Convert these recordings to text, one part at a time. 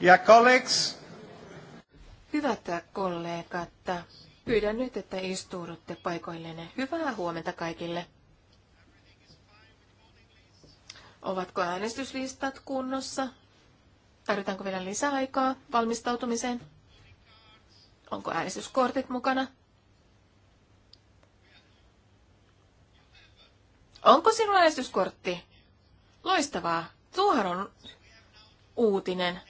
Ja colleagues. Hyvät kollegat, pyydän nyt, että istuudutte paikoillenne. Hyvää huomenta kaikille. Ovatko äänestyslistat kunnossa? Tarvitaanko vielä lisää aikaa valmistautumiseen? Onko äänestyskortit mukana? Onko sinulla äänestyskortti? Loistavaa. Tuohan on uutinen.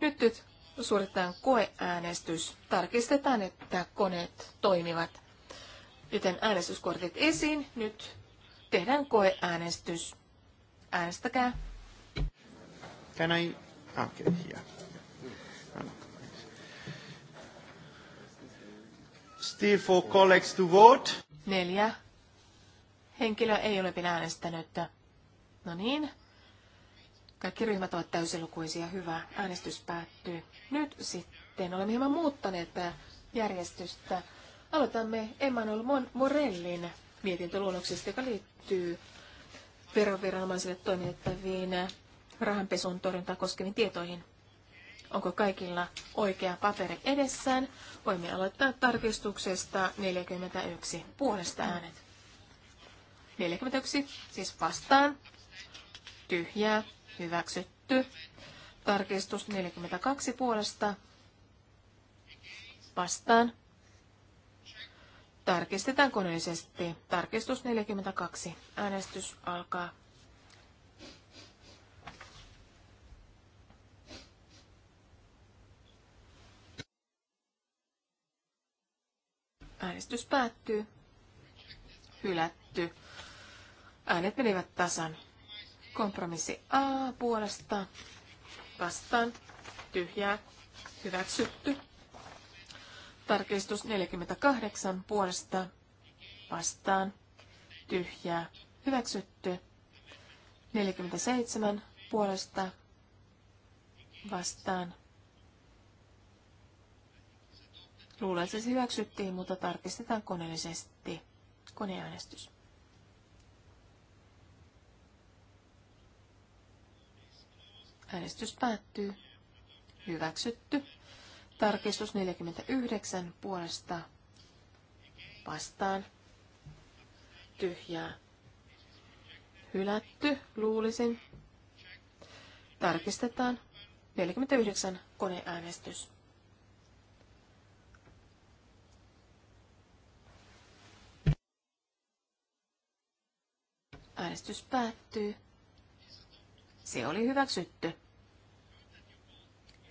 Nyt, nyt suoritetaan koeäänestys. Tarkistetaan, että koneet toimivat. Joten äänestyskortit esiin. Nyt tehdään koeäänestys. Äänestäkää. Can I... Okay, yeah. Still for colleagues to vote. Neljä. Henkilö ei ole vielä äänestänyt. No niin. Kaikki ryhmät ovat täysilukuisia. Hyvä. Äänestys päättyy. Nyt sitten olemme hieman muuttaneet järjestystä. Aloitamme Emmanuel Morellin mietintöluonnoksesta, joka liittyy veroviranomaisille toimitettaviin rahanpesun torjuntaa koskeviin tietoihin. Onko kaikilla oikea paperi edessään? Voimme aloittaa tarkistuksesta 41 puolesta äänet. 41 siis vastaan. Tyhjää hyväksytty. Tarkistus 42 puolesta vastaan. Tarkistetaan koneellisesti. Tarkistus 42. Äänestys alkaa. Äänestys päättyy. Hylätty. Äänet menivät tasan. Kompromissi A puolesta vastaan tyhjää hyväksytty. Tarkistus 48 puolesta vastaan tyhjää hyväksytty. 47 puolesta vastaan. Luulen, että se hyväksyttiin, mutta tarkistetaan koneellisesti. Koneäänestys. Äänestys päättyy. Hyväksytty. Tarkistus 49 puolesta vastaan. Tyhjää. Hylätty, luulisin. Tarkistetaan. 49 koneäänestys. Äänestys päättyy. Se oli hyväksytty.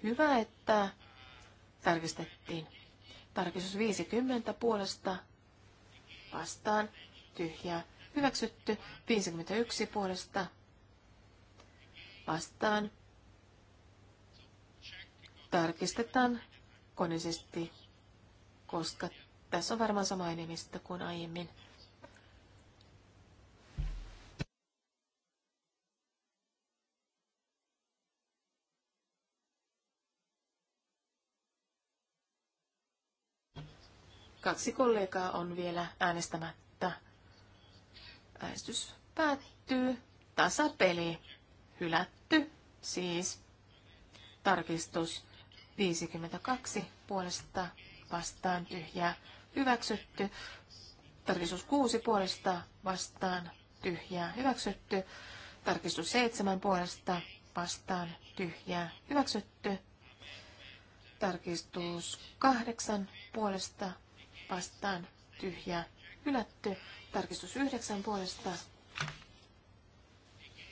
Hyvä, että tarkistettiin. Tarkistus 50 puolesta vastaan tyhjää. Hyväksytty 51 puolesta vastaan. Tarkistetaan koneisesti, koska tässä on varmaan sama enemmistö kuin aiemmin. Kaksi kollegaa on vielä äänestämättä. Äänestys päättyy. Tasapeli. Hylätty. Siis tarkistus 52 puolesta vastaan tyhjää. Hyväksytty. Tarkistus 6 puolesta vastaan tyhjää. Hyväksytty. Tarkistus 7 puolesta vastaan tyhjää. Hyväksytty. Tarkistus 8 puolesta vastaan tyhjää hylätty. Tarkistus yhdeksän puolesta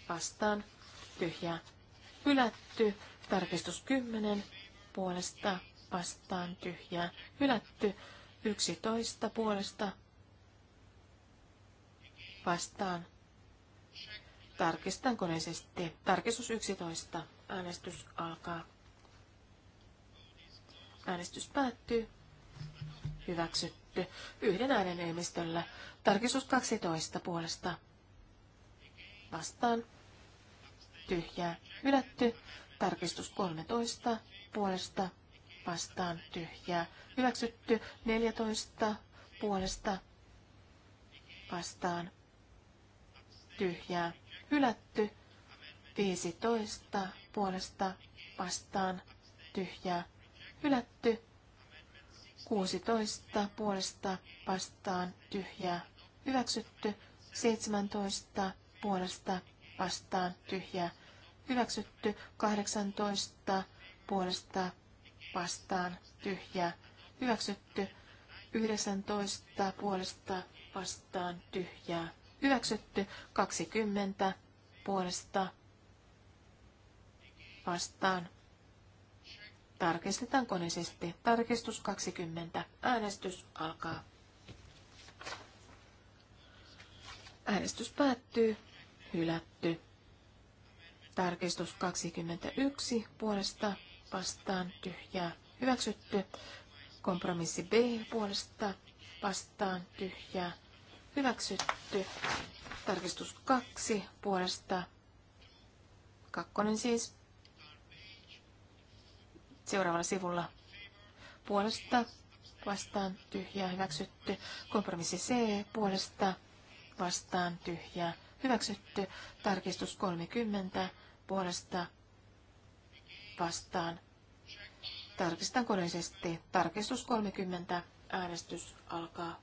vastaan tyhjää hylätty. Tarkistus kymmenen puolesta vastaan tyhjää hylätty. Yksitoista puolesta vastaan. Tarkistan koneisesti. Tarkistus 11. Äänestys alkaa. Äänestys päättyy hyväksytty yhden äänen enemmistöllä. Tarkistus 12 puolesta vastaan tyhjää hylätty. Tarkistus 13 puolesta vastaan tyhjää hyväksytty. 14 puolesta vastaan tyhjää hylätty. 15 puolesta vastaan tyhjää hylätty. 16 puolesta vastaan tyhjää hyväksytty. 17 puolesta vastaan tyhjää hyväksytty. 18 puolesta vastaan tyhjää hyväksytty. 19 puolesta vastaan tyhjää hyväksytty. 20 puolesta vastaan Tarkistetaan koneisesti. Tarkistus 20. Äänestys alkaa. Äänestys päättyy. Hylätty. Tarkistus 21 puolesta vastaan tyhjää hyväksytty. Kompromissi B puolesta vastaan tyhjää hyväksytty. Tarkistus 2 puolesta kakkonen siis seuraavalla sivulla. Puolesta vastaan tyhjää hyväksytty. Kompromissi C puolesta vastaan tyhjää hyväksytty. Tarkistus 30 puolesta vastaan. Tarkistan koneisesti. Tarkistus 30. Äänestys alkaa.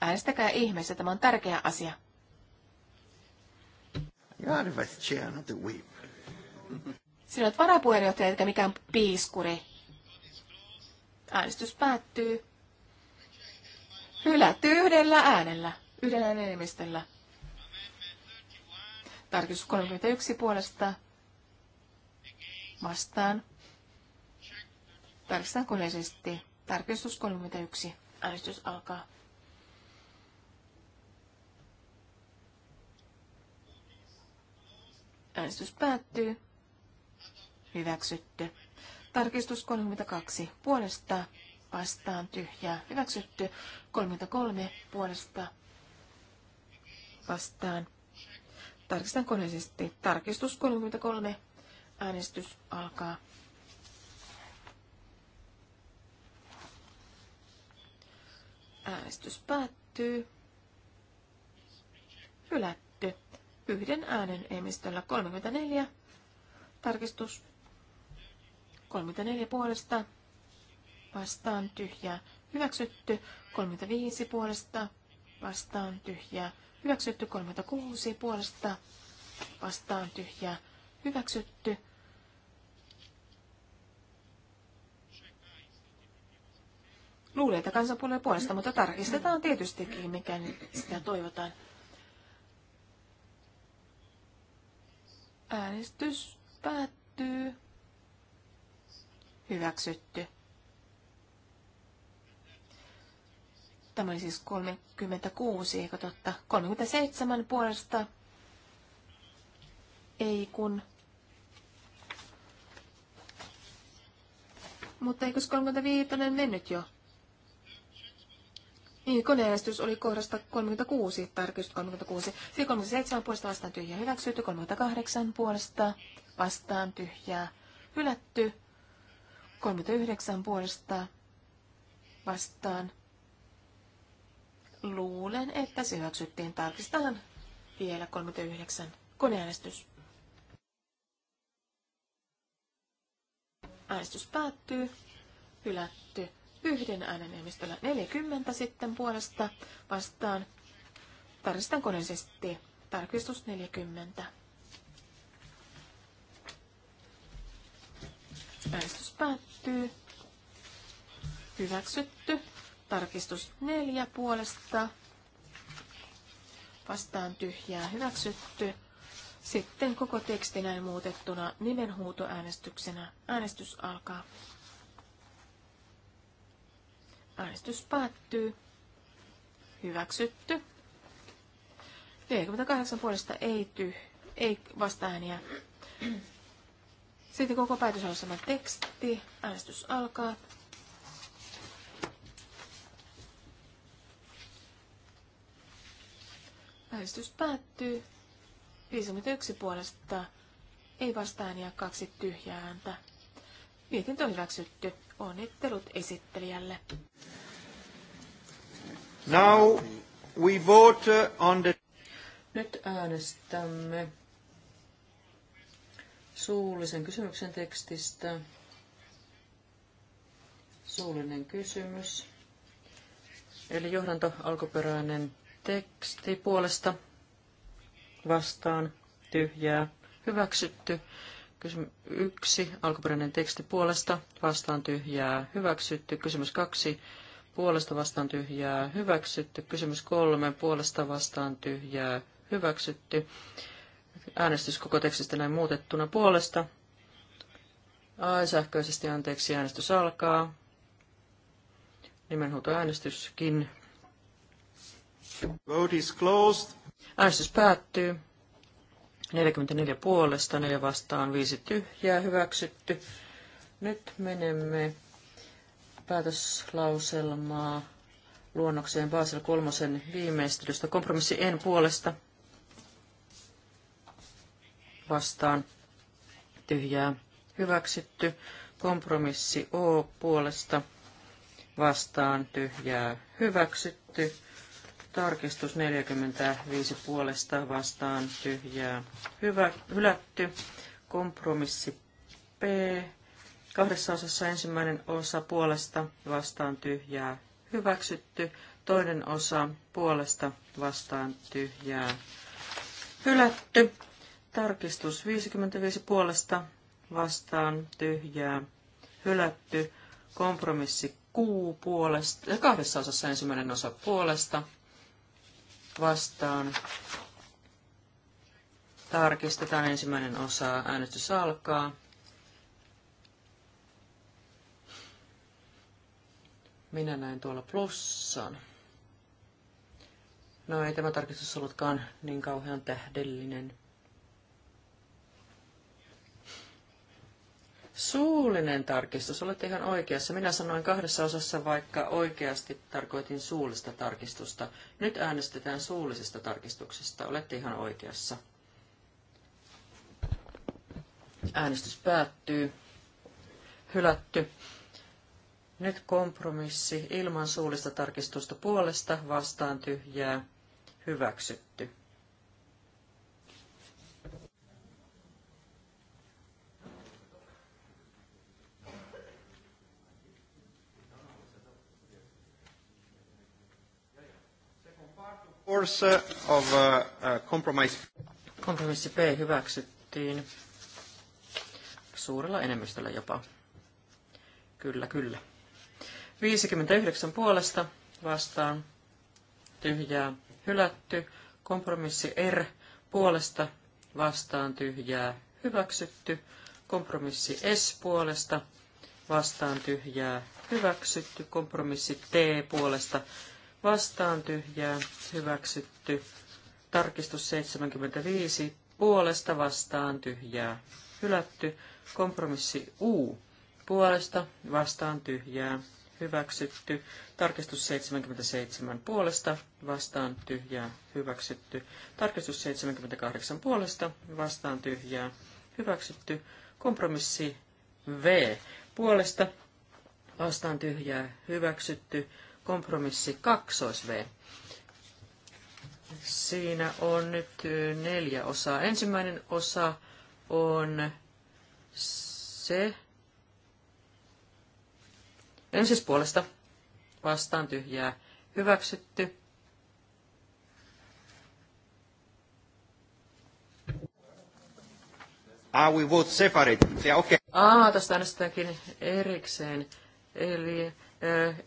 Äänestäkää ihmeessä, tämä on tärkeä asia. Jarvas chair, not a whip. Sinä olet varapuheenjohtaja etkä mikään piiskuri. Äänestys päättyy. Hylätty yhdellä äänellä, yhdellä enemmistöllä. Tarkistus 31 puolesta vastaan. Tarkistetaan koneisesti. Tarkistus 31. Äänestys alkaa. Äänestys päättyy. Hyväksytty. Tarkistus 32. Puolesta vastaan tyhjää. Hyväksytty. 33. Puolesta vastaan. Tarkistan koneisesti. Tarkistus 33. Äänestys alkaa. Äänestys päättyy. Hylätty yhden äänen enemmistöllä 34. Tarkistus 34 puolesta vastaan tyhjää hyväksytty, 35 puolesta vastaan tyhjää hyväksytty, 36 puolesta vastaan tyhjää hyväksytty. Luulee, että kansanpuolueen puolesta, mutta tarkistetaan tietystikin, mikä sitä toivotaan. Äänestys päättyy. Hyväksytty. Tämä oli siis 36, eikö totta? 37 puolesta. Ei kun. Mutta eikös 35 mennyt jo? Niin, koneäänestys oli kohdasta 36, tarkistus 36. Siinä 37 puolesta vastaan tyhjää hyväksytty, 38 puolesta vastaan tyhjää hylätty, 39 puolesta vastaan. Luulen, että se hyväksyttiin. Tarkistetaan vielä 39. Koneäänestys. Äänestys päättyy. Hylätty yhden äänen enemmistöllä 40 sitten puolesta vastaan. Tarkistan koneisesti. Tarkistus 40. Äänestys päättyy. Hyväksytty. Tarkistus 4 puolesta. Vastaan tyhjää hyväksytty. Sitten koko teksti näin muutettuna nimenhuutoäänestyksenä. Äänestys alkaa. Äänestys päättyy. Hyväksytty. 48 puolesta ei tyh, ei vastaääniä. Sitten koko päätös on sama teksti. Äänestys alkaa. Äänestys päättyy. 51 puolesta ei vastaan ja kaksi tyhjää ääntä. Mietintö on hyväksytty. Onnittelut esittelijälle. Now we vote uh, on the... Nyt äänestämme suullisen kysymyksen tekstistä. Suullinen kysymys. Eli johdanto alkuperäinen teksti puolesta vastaan tyhjää hyväksytty. Kysymys yksi, alkuperäinen teksti puolesta, vastaan tyhjää, hyväksytty. Kysymys kaksi, puolesta vastaan tyhjää, hyväksytty. Kysymys kolme, puolesta vastaan tyhjää, hyväksytty. Äänestys koko tekstistä näin muutettuna puolesta. Ai, sähköisesti anteeksi, äänestys alkaa. äänestyskin. Vote is closed. Äänestys päättyy. 44 puolesta, 4 vastaan, 5 tyhjää hyväksytty. Nyt menemme päätöslauselmaa luonnokseen Basel kolmosen viimeistelystä. Kompromissi en puolesta vastaan tyhjää hyväksytty. Kompromissi O puolesta vastaan tyhjää hyväksytty. Tarkistus 45 puolesta vastaan tyhjää hyvä, hylätty. Kompromissi P. Kahdessa osassa ensimmäinen osa puolesta vastaan tyhjää hyväksytty. Toinen osa puolesta vastaan tyhjää hylätty. Tarkistus 55 puolesta vastaan tyhjää hylätty. Kompromissi Q puolesta, kahdessa osassa ensimmäinen osa puolesta vastaan. Tarkistetaan ensimmäinen osa. Äänestys alkaa. Minä näin tuolla plussan. No ei tämä tarkistus ollutkaan niin kauhean tähdellinen. Suullinen tarkistus, olet ihan oikeassa. Minä sanoin kahdessa osassa, vaikka oikeasti tarkoitin suullista tarkistusta. Nyt äänestetään suullisesta tarkistuksesta, olette ihan oikeassa. Äänestys päättyy. Hylätty. Nyt kompromissi ilman suullista tarkistusta puolesta vastaan tyhjää. Hyväksytty. course uh, of uh, uh, compromise. Kompromissi B hyväksyttiin suurella enemmistöllä jopa. Kyllä, kyllä. 59 puolesta vastaan tyhjää hylätty. Kompromissi R puolesta vastaan tyhjää hyväksytty. Kompromissi S puolesta vastaan tyhjää hyväksytty. Kompromissi T puolesta vastaan tyhjää hyväksytty. Tarkistus 75 puolesta vastaan tyhjää hylätty. Kompromissi U puolesta vastaan tyhjää hyväksytty. Tarkistus 77 puolesta, vastaan tyhjää, hyväksytty. Tarkistus 78 puolesta, vastaan tyhjää, hyväksytty. Kompromissi V puolesta, vastaan tyhjää, hyväksytty. Kompromissi 2V. Siinä on nyt neljä osaa. Ensimmäinen osa on se, ensis puolesta vastaan tyhjää hyväksytty. Ah, we vote separate. Yeah, okay. Ah, tästä äänestetäänkin erikseen. Eli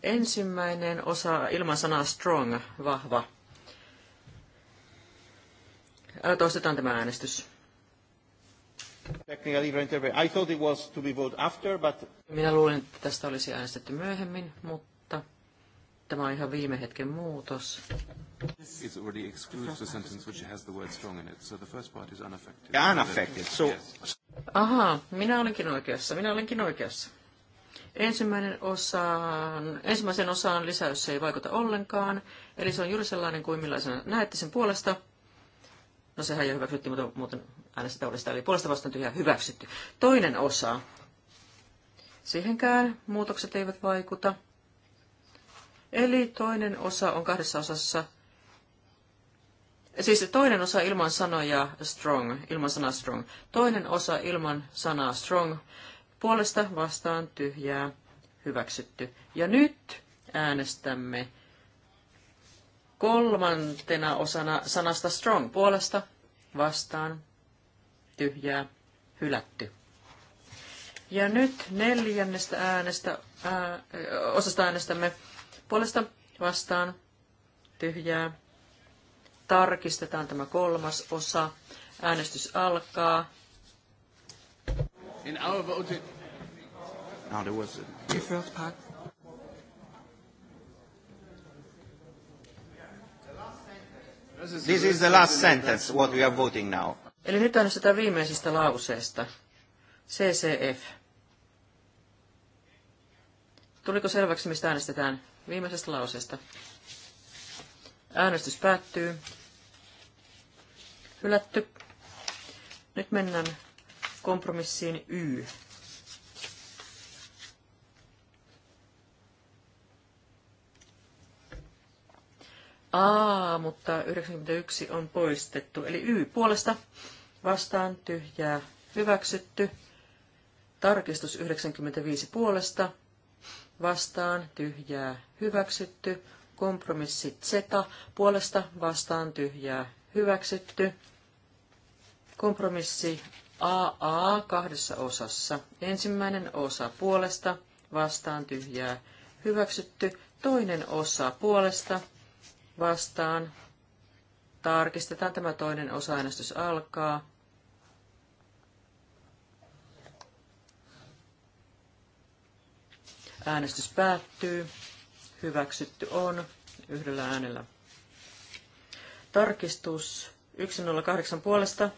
Ensimmäinen osa ilman sanaa strong, vahva. Toistetaan tämä äänestys. Minä luulin, että tästä olisi äänestetty myöhemmin, mutta tämä on ihan viime hetken muutos. It already excludes the sentence which has the word strong in it, so the first part is unaffected. Yeah, unaffected, so... Aha, minä olinkin oikeassa, minä olinkin oikeassa. Ensimmäinen osaan, ensimmäisen osaan lisäys ei vaikuta ollenkaan, eli se on juuri sellainen kuin millaisena näette sen puolesta. No sehän jo hyväksytti, mutta muuten oli sitä, eli puolesta vastaan tyhjää hyväksytty. Toinen osa. Siihenkään muutokset eivät vaikuta. Eli toinen osa on kahdessa osassa. Siis toinen osa ilman sanoja strong, ilman sanaa strong. Toinen osa ilman sanaa strong puolesta vastaan tyhjää hyväksytty. Ja nyt äänestämme kolmantena osana sanasta strong puolesta vastaan tyhjää hylätty. Ja nyt neljännestä äänestä, ää, osasta äänestämme puolesta vastaan tyhjää. Tarkistetaan tämä kolmas osa. Äänestys alkaa in our vote. No, there was a first part. This is the last sentence, what we are voting now. Eli nyt on sitä viimeisestä lauseesta. CCF. Tuliko selväksi, mistä äänestetään? Viimeisestä lauseesta. Äänestys päättyy. Hylätty. Nyt mennään kompromissiin Y. A, mutta 91 on poistettu. Eli Y puolesta vastaan tyhjää hyväksytty. Tarkistus 95 puolesta vastaan tyhjää hyväksytty. Kompromissi Z puolesta vastaan tyhjää hyväksytty. Kompromissi AA kahdessa osassa. Ensimmäinen osa puolesta, vastaan tyhjää, hyväksytty. Toinen osa puolesta, vastaan. Tarkistetaan tämä toinen osa-äänestys alkaa. Äänestys päättyy. Hyväksytty on yhdellä äänellä. Tarkistus 108 puolesta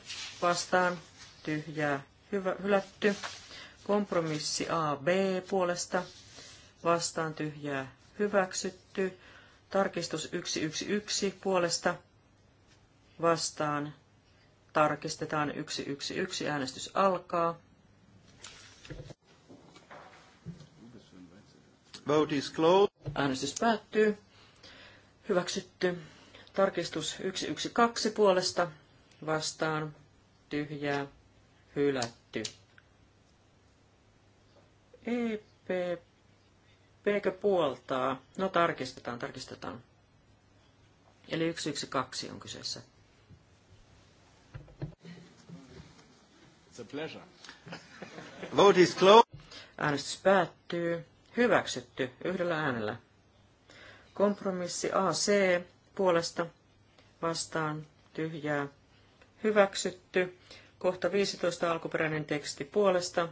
vastaan tyhjää hyvä, hylätty. Kompromissi AB puolesta vastaan tyhjää hyväksytty. Tarkistus 111 puolesta vastaan tarkistetaan 111. Äänestys alkaa. Vote is closed. Äänestys päättyy. Hyväksytty. Tarkistus 112 puolesta vastaan tyhjää hylätty. E Pekö puoltaa? No tarkistetaan, tarkistetaan. Eli 112 on kyseessä. It's a pleasure. Vote is closed. Äänestys päättyy. Hyväksytty yhdellä äänellä. Kompromissi AC puolesta vastaan tyhjää. Hyväksytty. Kohta 15 alkuperäinen teksti puolesta.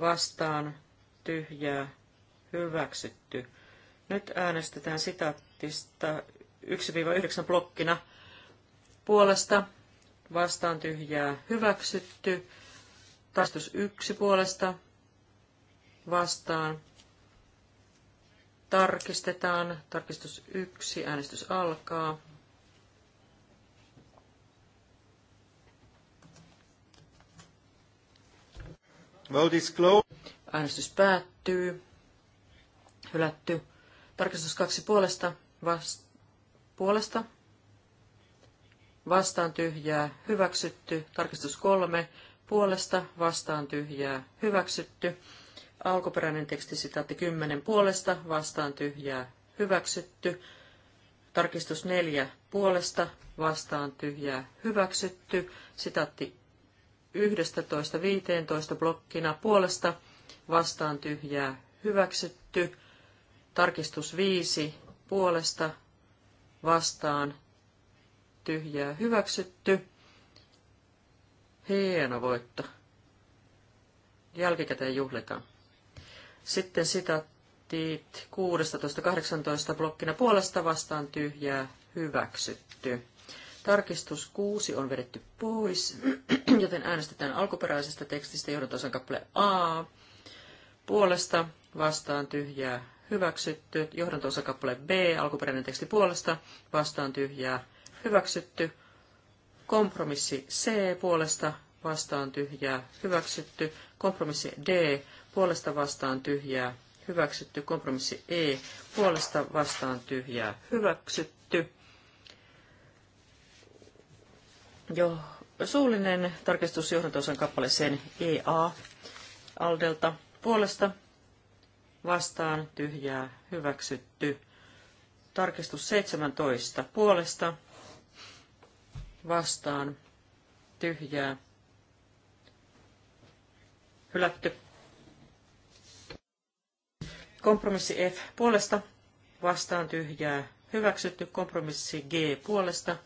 Vastaan tyhjää hyväksytty. Nyt äänestetään sitaattista 1-9 blokkina puolesta. Vastaan tyhjää hyväksytty. Tastus 1 puolesta. Vastaan tarkistetaan. Tarkistus 1. Äänestys alkaa. Vote is closed. Äänestys päättyy. Hylätty. Tarkistus kaksi puolesta. Vast- puolesta. Vastaan tyhjää. Hyväksytty. Tarkistus kolme. Puolesta. Vastaan tyhjää. Hyväksytty. Alkuperäinen teksti sitaatti kymmenen Puolesta. Vastaan tyhjää. Hyväksytty. Tarkistus neljä Puolesta. Vastaan tyhjää. Hyväksytty. Sitaatti 11.15 blokkina puolesta vastaan tyhjää hyväksytty. Tarkistus 5 puolesta vastaan tyhjää hyväksytty. Hieno voitto. Jälkikäteen juhlitaan. Sitten sitaattit 16.18 blokkina puolesta vastaan tyhjää hyväksytty. Tarkistus 6 on vedetty pois, joten äänestetään alkuperäisestä tekstistä johdantosan kappale A. Puolesta vastaan tyhjää hyväksytty. Johdantosan kappale B, alkuperäinen teksti puolesta vastaan tyhjää hyväksytty. Kompromissi C puolesta vastaan tyhjää hyväksytty. Kompromissi D puolesta vastaan tyhjää hyväksytty. Kompromissi E puolesta vastaan tyhjää hyväksytty. Jo suullinen tarkistus johdantosan kappaleeseen EA Aldelta puolesta vastaan tyhjää hyväksytty. Tarkistus 17 puolesta vastaan tyhjää hylätty. Kompromissi F puolesta vastaan tyhjää hyväksytty. Kompromissi G puolesta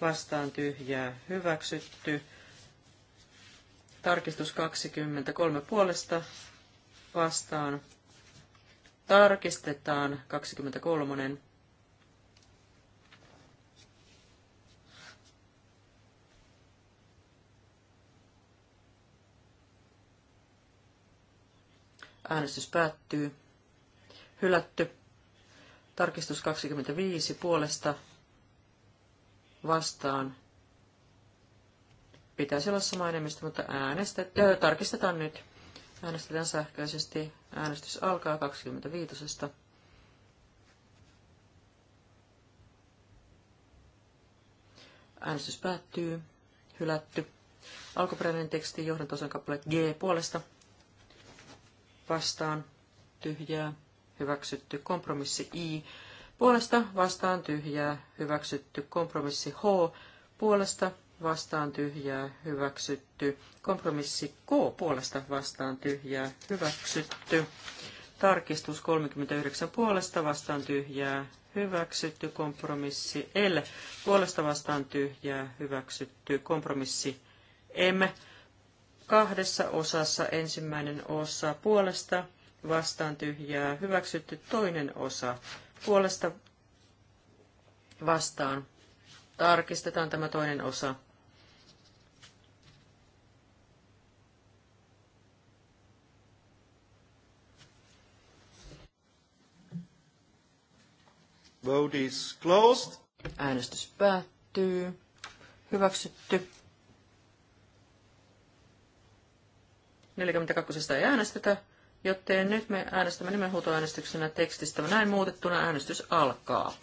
vastaan tyhjää hyväksytty. Tarkistus 23 puolesta vastaan. Tarkistetaan 23. Äänestys päättyy. Hylätty. Tarkistus 25 puolesta vastaan. Pitäisi olla sama enemmistö, mutta äänestetään. Tarkistetaan nyt. Äänestetään sähköisesti. Äänestys alkaa 25. Äänestys päättyy. Hylätty. Alkuperäinen teksti johdantosan kappale G puolesta. Vastaan. Tyhjää. Hyväksytty. Kompromissi I Puolesta vastaan tyhjää hyväksytty. Kompromissi H. Puolesta vastaan tyhjää hyväksytty. Kompromissi K. Puolesta vastaan tyhjää hyväksytty. Tarkistus 39 puolesta vastaan tyhjää hyväksytty. Kompromissi L. Puolesta vastaan tyhjää hyväksytty. Kompromissi M. Kahdessa osassa ensimmäinen osa puolesta vastaan tyhjää hyväksytty. Toinen osa puolesta vastaan. Tarkistetaan tämä toinen osa. Vote is closed. Äänestys päättyy. Hyväksytty. 42 ei äänestetä. Joten nyt me äänestämme nimenhuutoäänestyksenä tekstistä. Näin muutettuna äänestys alkaa.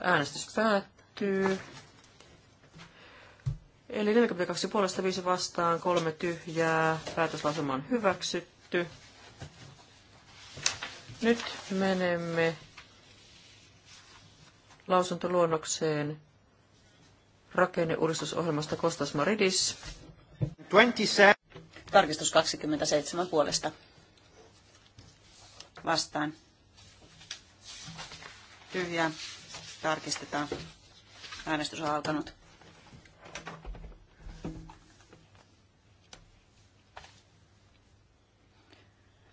Äänestys päättyy. Eli 42 puolesta 5 vastaan, kolme tyhjää, päätöslausuma on hyväksytty. Nyt menemme lausuntoluonnokseen rakenneuudistusohjelmasta Kostas Maridis. 27. Tarkistus 27 puolesta. Vastaan. Tyhjää. Tarkistetaan. Äänestys on alkanut.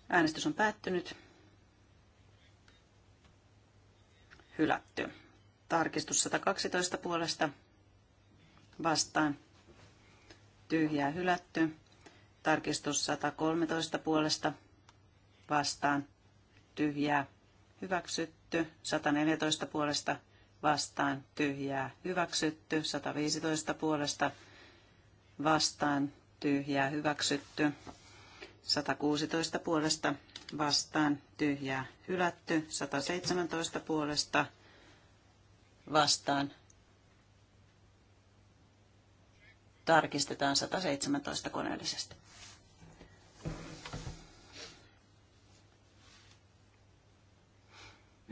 Äänestys on päättynyt. Hylätty. Tarkistus 112 puolesta vastaan. Tyhjää hylätty. Tarkistus 113 puolesta vastaan. Tyhjää hyväksytty. 114 puolesta vastaan. Tyhjää hyväksytty. 115 puolesta vastaan. Tyhjää hyväksytty. 116 puolesta vastaan. Tyhjää hylätty. 117 puolesta vastaan vastaan. Tarkistetaan 117 koneellisesti.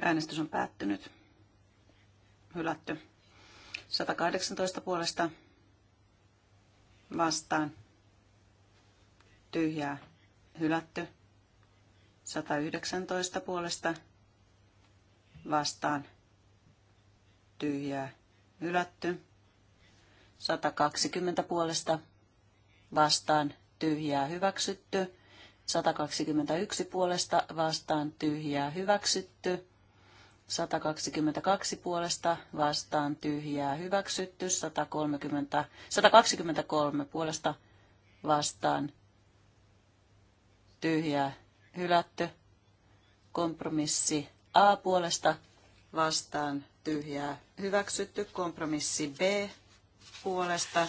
Äänestys on päättynyt. Hylätty. 118 puolesta vastaan. Tyhjää. Hylätty. 119 puolesta vastaan tyhjää hylätty. 120 puolesta vastaan tyhjää hyväksytty. 121 puolesta vastaan tyhjää hyväksytty. 122 puolesta vastaan tyhjää hyväksytty. 130, 123 puolesta vastaan tyhjää hylätty. Kompromissi A puolesta vastaan tyhjää hyväksytty. Kompromissi B puolesta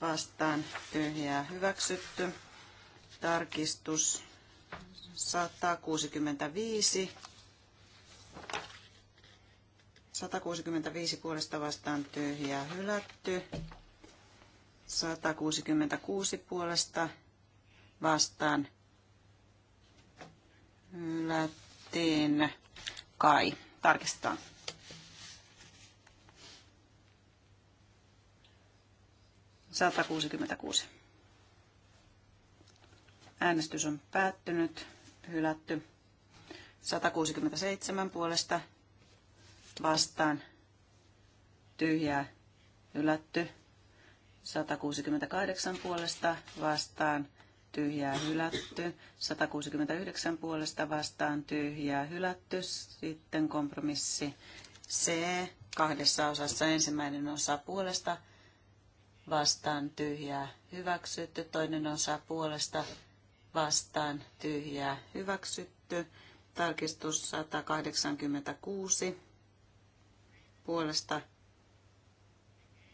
vastaan tyhjää hyväksytty. Tarkistus 165. 165 puolesta vastaan tyhjää hylätty. 166 puolesta vastaan hylättiin kai. Tarkistetaan. 166. Äänestys on päättynyt, hylätty. 167 puolesta vastaan tyhjää hylätty. 168 puolesta vastaan tyhjää hylätty. 169 puolesta vastaan tyhjää hylätty. Sitten kompromissi C kahdessa osassa ensimmäinen osa puolesta vastaan tyhjää hyväksytty, toinen osa puolesta vastaan tyhjää hyväksytty, tarkistus 186 puolesta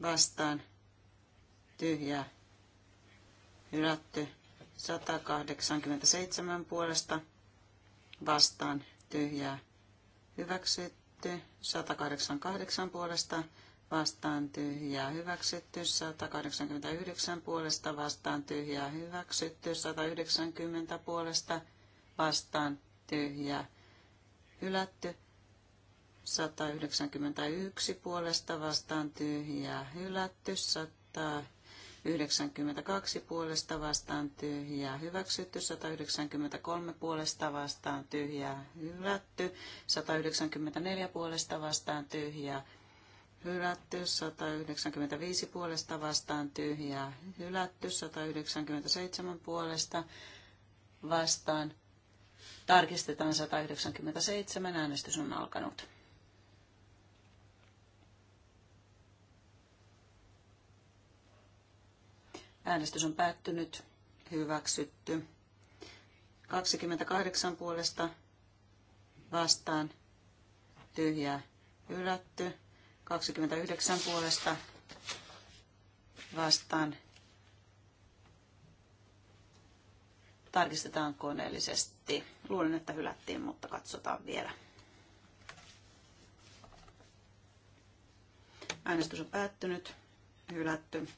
vastaan tyhjää hylätty, 187 puolesta vastaan tyhjää hyväksytty, 188 puolesta vastaan tyhjää hyväksytty, 189 puolesta vastaan tyhjää hyväksytty, 190 puolesta vastaan tyhjää hylätty, 191 puolesta vastaan tyhjää hylätty, 192 puolesta vastaan tyhjää hyväksytty, 193 puolesta vastaan tyhjää hylätty, 194 puolesta vastaan tyhjää hylätty, 195 puolesta vastaan tyhjää hylätty, 197 puolesta vastaan. Tarkistetaan 197, äänestys on alkanut. Äänestys on päättynyt, hyväksytty. 28 puolesta vastaan tyhjää hylätty. 29 puolesta vastaan. Tarkistetaan koneellisesti. Luulen, että hylättiin, mutta katsotaan vielä. Äänestys on päättynyt. Hylätty.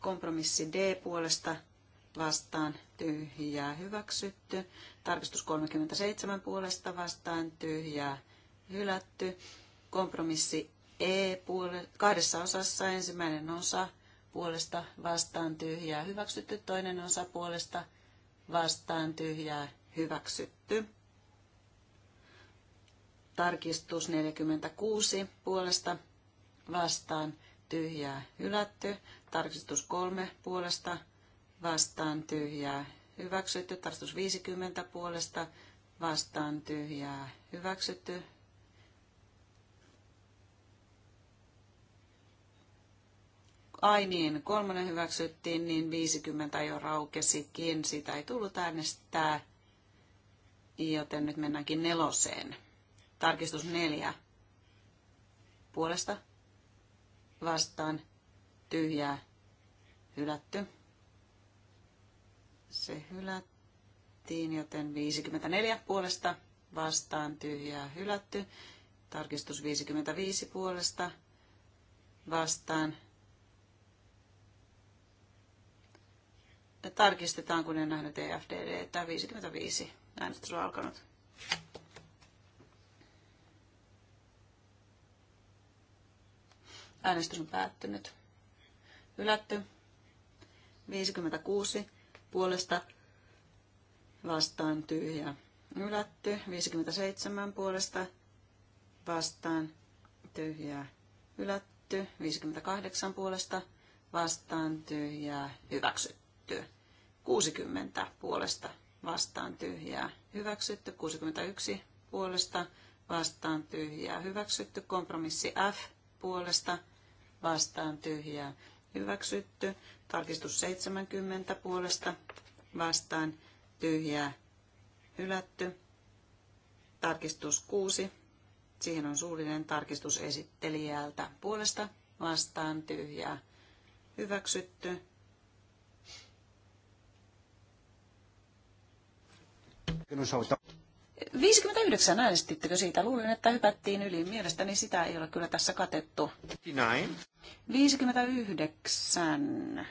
Kompromissi D puolesta vastaan tyhjää hyväksytty. Tarkistus 37 puolesta vastaan tyhjää hylätty. Kompromissi E puole, kahdessa osassa ensimmäinen osa puolesta vastaan tyhjää hyväksytty, toinen osa puolesta vastaan tyhjää hyväksytty. Tarkistus 46 puolesta vastaan tyhjää hylätty. Tarkistus 3 puolesta vastaan tyhjää hyväksytty. Tarkistus 50 puolesta vastaan tyhjää hyväksytty. Ai niin, kolmonen hyväksyttiin, niin 50 jo raukesikin. Sitä ei tullut äänestää, joten nyt mennäänkin neloseen. Tarkistus neljä. Puolesta vastaan tyhjää hylätty. Se hylättiin, joten 54 puolesta vastaan tyhjää hylätty. Tarkistus 55 puolesta vastaan tarkistetaan, kun en nähnyt EFDD, tämä 55. Äänestys on alkanut. Äänestys on päättynyt. Ylätty. 56 puolesta vastaan tyhjä. Ylätty. 57 puolesta vastaan tyhjää. Ylätty. 58 puolesta vastaan tyhjää. Hyväksytty hyväksytty. 60 puolesta vastaan tyhjää hyväksytty. 61 puolesta vastaan tyhjää hyväksytty. Kompromissi F puolesta vastaan tyhjää hyväksytty. Tarkistus 70 puolesta vastaan tyhjää hylätty. Tarkistus 6. Siihen on suullinen tarkistus esittelijältä puolesta vastaan tyhjää hyväksytty. 59 äänestittekö siitä? Luulin, että hypättiin yli. Mielestäni sitä ei ole kyllä tässä katettu. 59.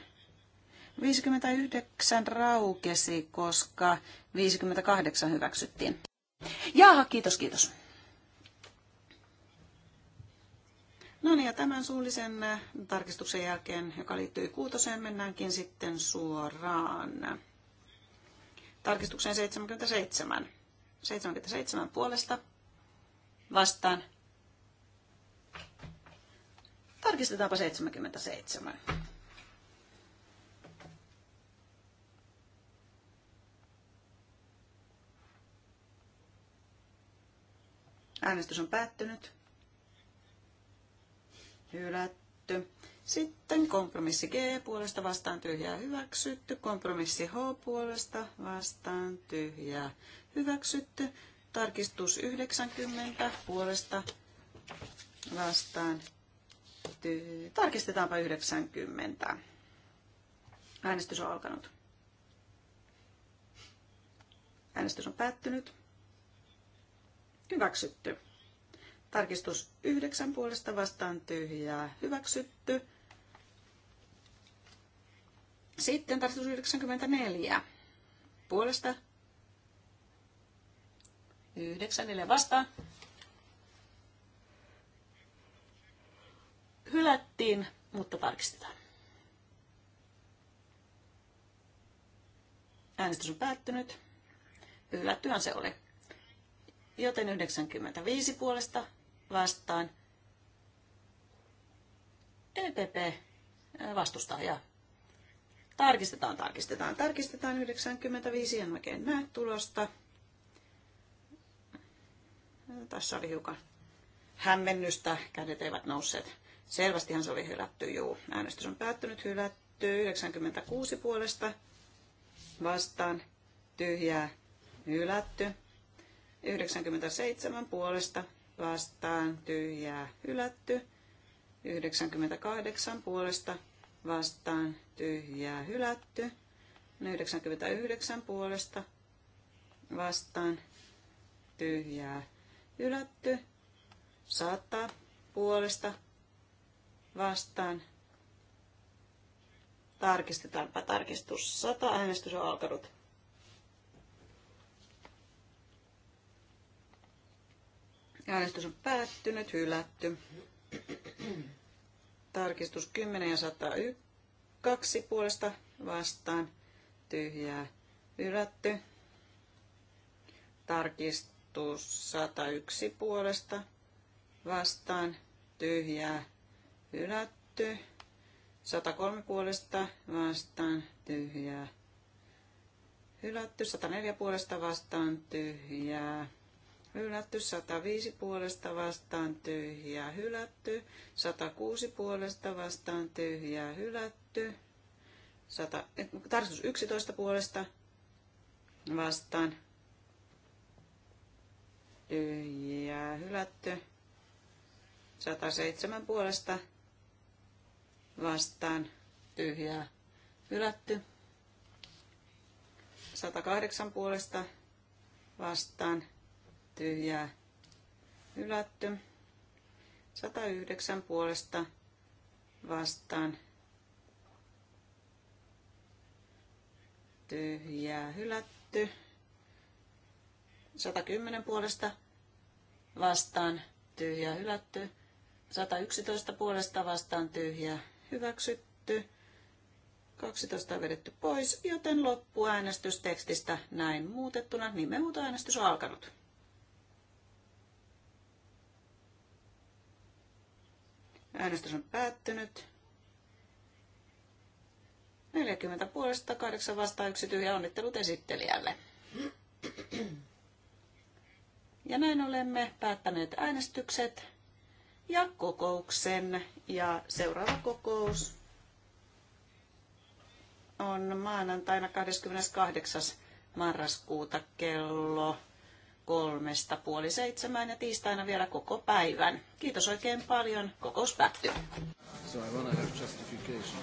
59 raukesi, koska 58 hyväksyttiin. Jaaha, kiitos, kiitos. No niin, ja tämän suullisen tarkistuksen jälkeen, joka liittyy kuutoseen, mennäänkin sitten suoraan tarkistukseen 77. 77 puolesta vastaan. Tarkistetaanpa 77. Äänestys on päättynyt. Hylätty. Sitten kompromissi G puolesta vastaan tyhjää hyväksytty. Kompromissi H puolesta vastaan tyhjää hyväksytty. Tarkistus 90 puolesta vastaan. tyhjää. Tarkistetaanpa 90. Äänestys on alkanut. Äänestys on päättynyt. Hyväksytty. Tarkistus 9 puolesta vastaan tyhjää. Hyväksytty. Sitten tarkistus 94. Puolesta 94 vastaan. Hylättiin, mutta tarkistetaan. Äänestys on päättynyt. Hylättyhän se oli. Joten 95 puolesta vastaan. EPP vastustaa ja Tarkistetaan, tarkistetaan, tarkistetaan. 95 en oikein näe tulosta. Tässä oli hiukan hämmennystä. Kädet eivät nousseet. Selvästihan se oli hylätty, juu. Äänestys on päättynyt, hylätty. 96 puolesta vastaan, tyhjää, hylätty. 97 puolesta vastaan, tyhjää, hylätty. 98 puolesta vastaan tyhjää hylätty. 99 puolesta vastaan tyhjää hylätty. 100 puolesta vastaan. Tarkistetaanpa tarkistus. 100 äänestys on alkanut. Äänestys on päättynyt, hylätty. Tarkistus 10 ja 102 puolesta vastaan. Tyhjää hylätty. Tarkistus 101 puolesta vastaan. Tyhjää hylätty. 103 puolesta vastaan. Tyhjää hylätty. 104 puolesta vastaan. Tyhjää hylätty, 105 puolesta vastaan tyhjää hylätty, 106 puolesta vastaan tyhjää hylätty, 100, eh, tarkistus 11 puolesta vastaan tyhjää hylätty, 107 puolesta vastaan tyhjää hylätty, 108 puolesta vastaan tyhjää tyhjää ylätty. 109 puolesta vastaan tyhjää hylätty. 110 puolesta vastaan tyhjää hylätty. 111 puolesta vastaan tyhjää hyväksytty. 12 on vedetty pois, joten loppuäänestys tekstistä näin muutettuna nimenhuutoäänestys on alkanut. Äänestys on päättynyt. 40 puolesta, 8 vastaan, yksi tyhjä. Onnittelut esittelijälle. Ja näin olemme päättäneet äänestykset ja kokouksen. Ja seuraava kokous on maanantaina 28. marraskuuta kello kolmesta puoli seitsemään ja tiistaina vielä koko päivän. Kiitos oikein paljon. Kokous päättyy. So